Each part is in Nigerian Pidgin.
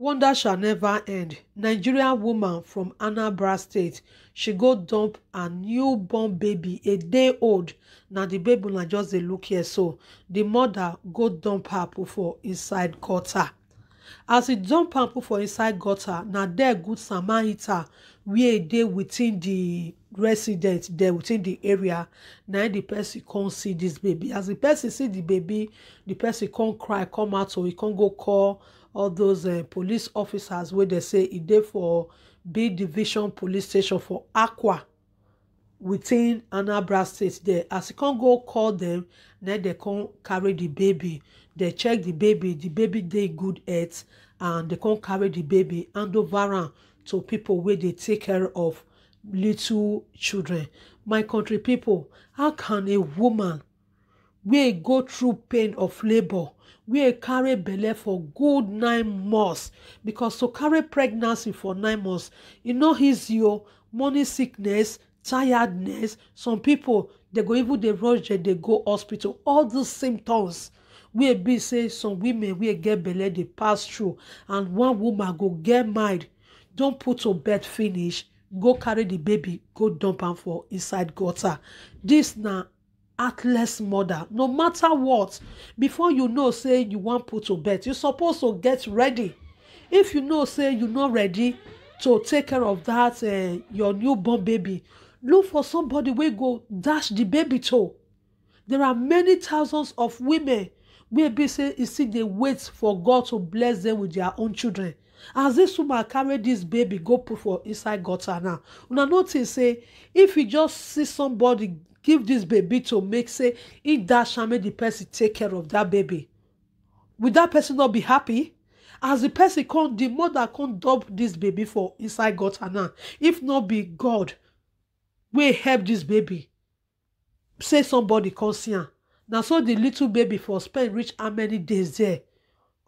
Wonder shall never end. Nigerian woman from Anambra State, she go dump her newborn baby, a day old. Na the baby na just dey look here so. The mother go dump her put inside gutter. As e dump her put inside gutter, na there good Samaritan wey e dey within the resident there within the area na the person come see this baby as the person see the baby the person come cry come out so he come go call all those uh, police officers where they say it there for b division police station for aqua, within anambra state there as you e con go call them, then they con carry the baby They check the baby the baby they good at, and they con carry the baby and over am to people where they take care of little children my country people, how can a woman wey go through pain of labour wey carry belle for good nine months because to carry pregnancy for nine months e no easy o morning sickness tiredness some people dey go even dey rush dem dey go hospital all those symptoms wey be say some women wey get belle dey pass through and one woman go get mind don put to bed finish go carry the baby go dump am for inside gutter this na heartless mother no matter what before you know say you wan put to bed you suppose to get ready if you know say you no ready to take care of that uh, your newborn baby look for somebody wey go dash the baby to. there are many thousands of women wey be say e still dey wait for god to bless them with their own children as this woman carry this baby go put for inside gutter now una notice, say if you just see somebody give this baby to make say if that am make di person take care of that baby will that person not be happy as the person come the mother come dump this baby for inside gutter now if not be god we help this baby say somebody come see am so the little baby for spend reach how many days there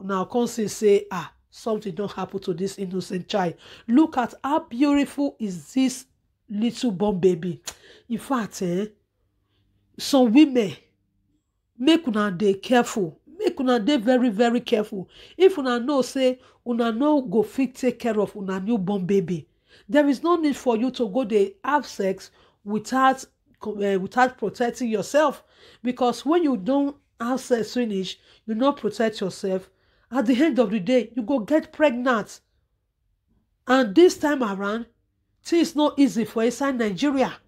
now come see say ah something don happen to this innocent child look at how beautiful is this little born baby in fact eh some women make una dey careful make una dey very very careful if una know say una no go fit take care of una newborn baby there is no need for you to go dey have sex without uh, without protecting yourself because when you don have sex finish you no protect yourself at the end of the day you go get pregnant and this time around things no easy for inside nigeria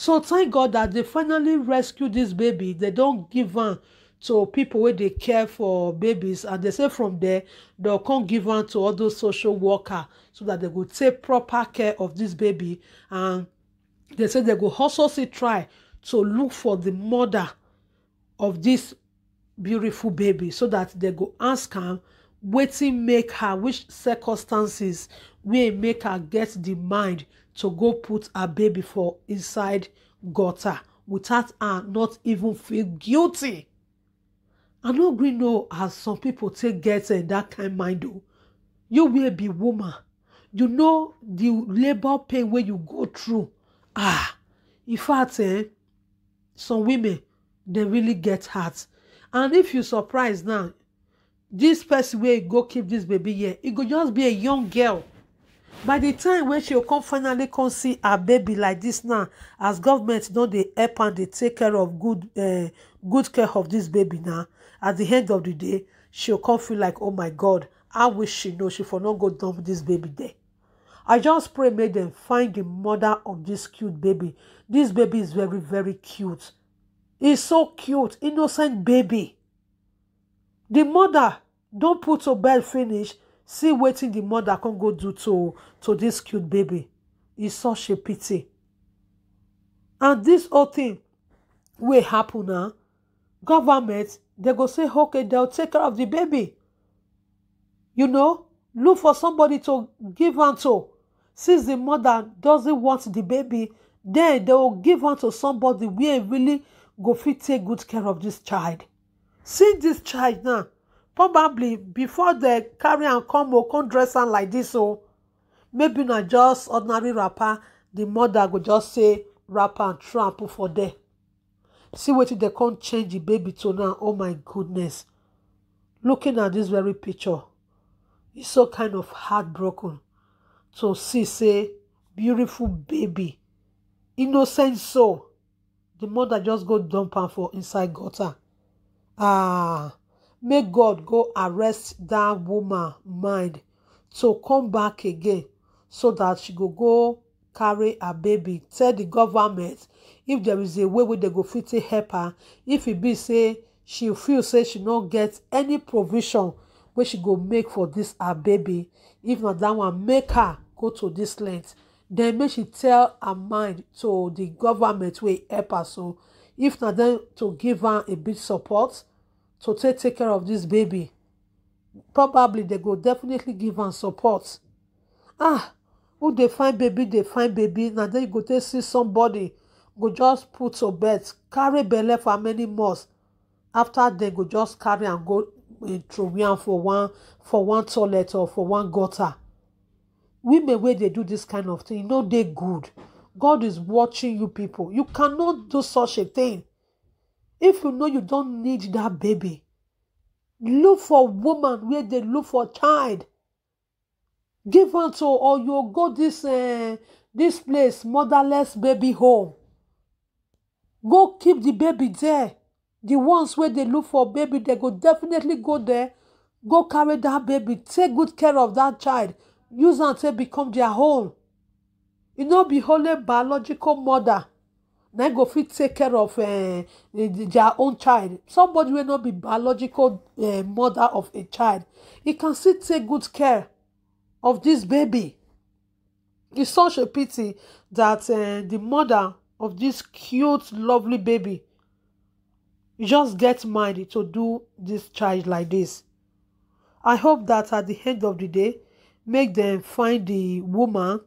so thank god that they finally rescued this baby they don't give am to people where they care for babies and they say from there they'll come give am to all those social worker so that they go take proper care of this baby and they say they will also see try to look for the mother of this beautiful baby so that they go ask her wetin make her which circumstances wey make her get the mind to go put her baby for inside gutter without her not even feel guilty i no gree know as some people take get uh, that kind mind o oh. you wey be woman you know the labour pain wey you go through ah in fact eh, some women dey really get heart and if you surprise now dis person wey go keep dis baby here e go just be a young girl by the time when she come finally come see her baby like this now as government don dey help am dey take care of good eh, good care of this baby now at the end of the day she come feel like oh my god how will she know she for no go dump this baby there i just pray make dem find the mother of this cute baby This baby is very very cute He's so cute innocent baby the mother don put to bed finish see wetin the mother con go do to to this cute baby e such a pity and this whole thing wey happen na government dem go say okay dem take care of the baby you know look for somebody to give am to since the mother doesn't want the baby then they will give am to somebody wey really go fit take good care of this child see dis child now probably before dem carry am come o oh, come dress am like dis o oh. maybe na just ordinary wrapper di mother go just say wrap am throw am put for there see wetin dem come change di baby to now oh my goodness looking at dis very picture e so kind of heartbroken to see say beautiful baby innocent soul di mother just go dump am for inside gutter ah may god go arrest that woman mind to come back again so that she go go carry her baby tell the government if there is a way wey dem go fit to help her if it be say she feel say she no get any provision where she go make for this her baby if not that one make her go to this length Then may she tell her mind to the government wey help her so if na dem to give am a bit support to take take care of this baby probably they go definitely give am support ah who they find baby they find baby na then you go to see somebody go just put to bed carry belle for many months after they go just carry and go eh, throway am for one for one toilet or for one gutter women where they do this kind of thing e no they good God is watching you people. You cannot do such a thing. If you know you don't need that baby, look for woman where they look for child. Give unto or you go this uh, this place motherless baby home. Go keep the baby there. The ones where they look for baby, they go definitely go there. Go carry that baby. Take good care of that child. Use until take become their home e no be only biological mother na go fit take care of eh, eh, their own child somebody wey no be biological eh, mother of a child e can still take good care of this baby e such a pity that the mother of this cute lovely baby just get mind to do this child like this. i hope that at the end of the day make dem find the woman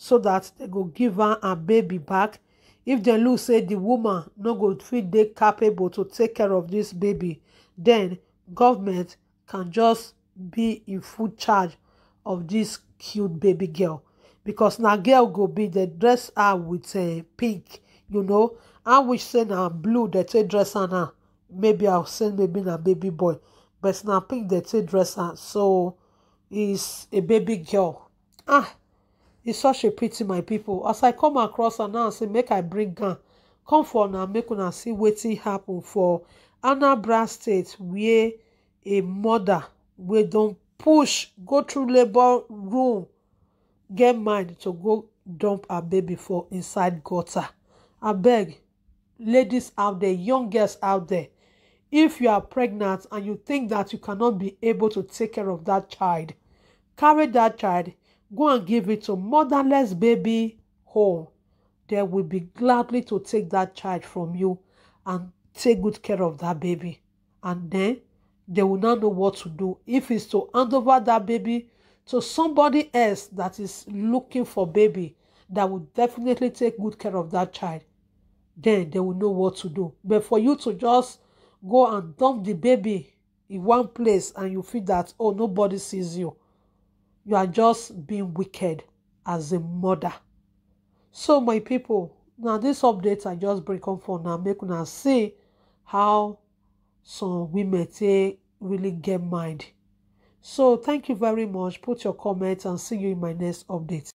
so that they go give her and baby back if dem look say the woman no go feel they capable to take care of this baby then government can just be in full charge of this cute baby girl because now girl go be the dress her with a eh, pink you know I wish say na blue dem take dress her now maybe i'll send maybe a baby boy but now pink dem take dress her so is a baby girl ah it's such a pity my people. as i come across and now say make i bring gun? come for now, make una see wetin happen for anambra state where a mother we don't push go through labor room get mind to go dump a baby for inside gutter I beg, ladies out there young girls out there if you are pregnant and you think that you cannot be able to take care of that child carry that child Go and give it to motherless baby home. They will be gladly to take that child from you and take good care of that baby. And then they will not know what to do. If it's to hand over that baby to somebody else that is looking for baby, that will definitely take good care of that child, then they will know what to do. But for you to just go and dump the baby in one place and you feel that, oh, nobody sees you, you are just being wicked as a mother so my people, now dis update i just bring come for now make now see how some women take really get mind so thank you very much put your comments and see you in my next update